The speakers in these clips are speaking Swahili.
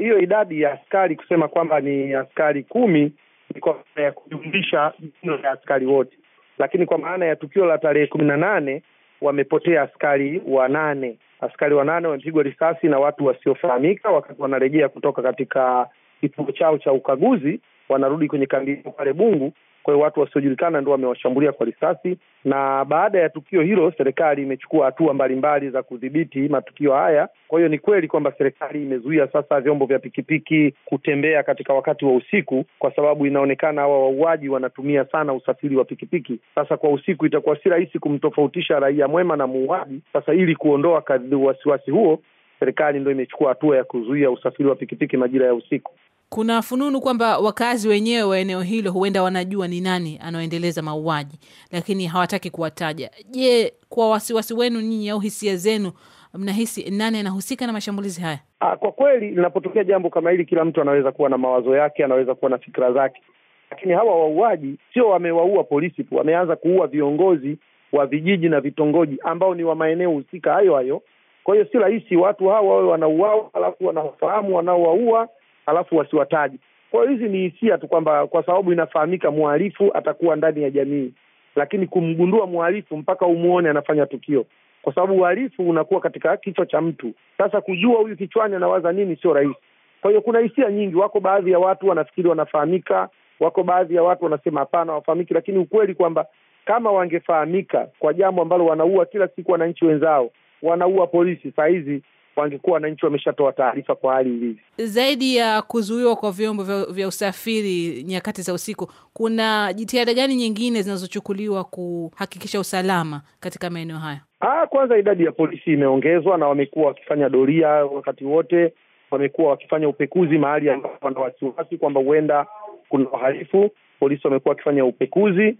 hiyo idadi ya askari kusema kwamba ni askari kumi ni kwa maana ya kujumlisha jumla ya askari wote, lakini kwa maana ya tukio la tarehe kumi na nane wamepotea askari wanane. Askari wanane wamepigwa risasi na watu wasiofahamika wakati wanarejea kutoka katika kituo chao cha ukaguzi, wanarudi kwenye kambi pale Bungu, kwa hiyo watu wasiojulikana ndo wamewashambulia kwa risasi, na baada ya tukio hilo serikali imechukua hatua mbalimbali za kudhibiti matukio haya. Kwa hiyo ni kweli kwamba serikali imezuia sasa vyombo vya pikipiki kutembea katika wakati wa usiku, kwa sababu inaonekana hawa wauaji wanatumia sana usafiri wa pikipiki. Sasa kwa usiku itakuwa si rahisi kumtofautisha raia mwema na muuaji. Sasa ili kuondoa wasiwasi huo, serikali ndo imechukua hatua ya kuzuia usafiri wa pikipiki majira ya usiku. Kuna fununu kwamba wakazi wenyewe wa eneo hilo huenda wanajua ni nani anaoendeleza mauaji, lakini hawataki kuwataja. Je, kwa wasiwasi wenu nyinyi au hisia zenu, mnahisi nani anahusika na mashambulizi haya? Aa, ah, kwa kweli linapotokea jambo kama hili, kila mtu anaweza kuwa na mawazo yake, anaweza kuwa na fikira zake, lakini hawa wauaji sio wamewaua polisi tu, wameanza kuua viongozi wa vijiji na vitongoji ambao ni wa maeneo husika hayo hayo. Kwa hiyo si rahisi watu hawa wawe wanauawa alafu wanafahamu wanaowaua alafu wasiwataji. Kwa hiyo hizi ni hisia tu, kwamba kwa sababu inafahamika mhalifu atakuwa ndani ya jamii, lakini kumgundua mhalifu mpaka umwone anafanya tukio, kwa sababu uhalifu unakuwa katika kichwa cha mtu. Sasa kujua huyu kichwani anawaza nini sio rahisi. Kwa hiyo kuna hisia nyingi. Wako baadhi ya watu wanafikiri wanafahamika, wako baadhi ya watu wanasema hapana, hawafahamiki, lakini ukweli kwamba kama wangefahamika kwa jambo ambalo wanaua kila siku wananchi wenzao, wanaua polisi saa hizi wangekuwa wananchi wameshatoa taarifa kwa hali hivi. Zaidi ya kuzuiwa kwa vyombo vya, vya usafiri nyakati za usiku, kuna jitihada gani nyingine zinazochukuliwa kuhakikisha usalama katika maeneo haya? Aa, ah, kwanza idadi ya polisi imeongezwa na wamekuwa wakifanya doria wakati wote, wamekuwa wakifanya upekuzi mahali ambapo wana wasiwasi kwamba huenda kuna wahalifu. Polisi wamekuwa wakifanya upekuzi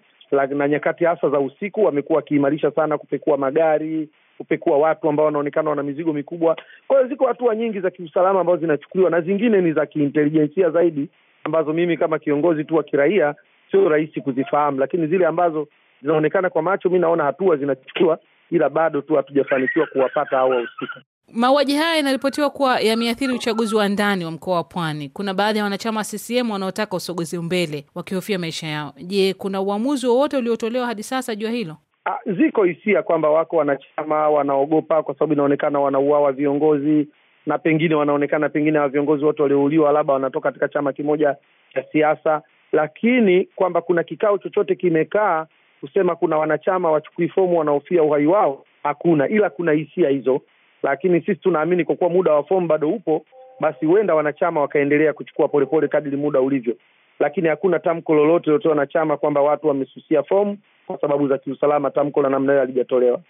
na nyakati hasa za usiku wamekuwa wakiimarisha sana kupekua magari, kupekua watu ambao wanaonekana wana mizigo mikubwa. Kwa hiyo ziko hatua nyingi za kiusalama ambazo zinachukuliwa na zingine ni za kiintelijensia zaidi, ambazo mimi kama kiongozi tu wa kiraia sio rahisi kuzifahamu, lakini zile ambazo zinaonekana kwa macho, mi naona hatua zinachukuliwa, ila bado tu hatujafanikiwa kuwapata hao wahusika. Mauaji haya yanaripotiwa kuwa yameathiri uchaguzi wa ndani wa mkoa wa Pwani. Kuna baadhi ya wanachama wa CCM wanaotaka usogezi mbele wakihofia maisha yao. Je, kuna uamuzi wowote uliotolewa hadi sasa juu ya hilo? Ah, ziko hisia kwamba wako wanachama wanaogopa kwa sababu inaonekana wanauawa viongozi na pengine wanaonekana pengine wa viongozi wote waliouliwa labda wanatoka katika chama kimoja cha siasa, lakini kwamba kuna kikao chochote kimekaa kusema kuna wanachama wachukui fomu wanaofia uhai wao, hakuna. Ila kuna hisia hizo, lakini sisi tunaamini kwa kuwa muda wa fomu bado upo, basi huenda wanachama wakaendelea kuchukua polepole kadiri muda ulivyo, lakini hakuna tamko lolote lilotoa na chama kwamba watu wamesusia fomu kwa sababu za kiusalama, tamko la namna hiyo alijatolewa.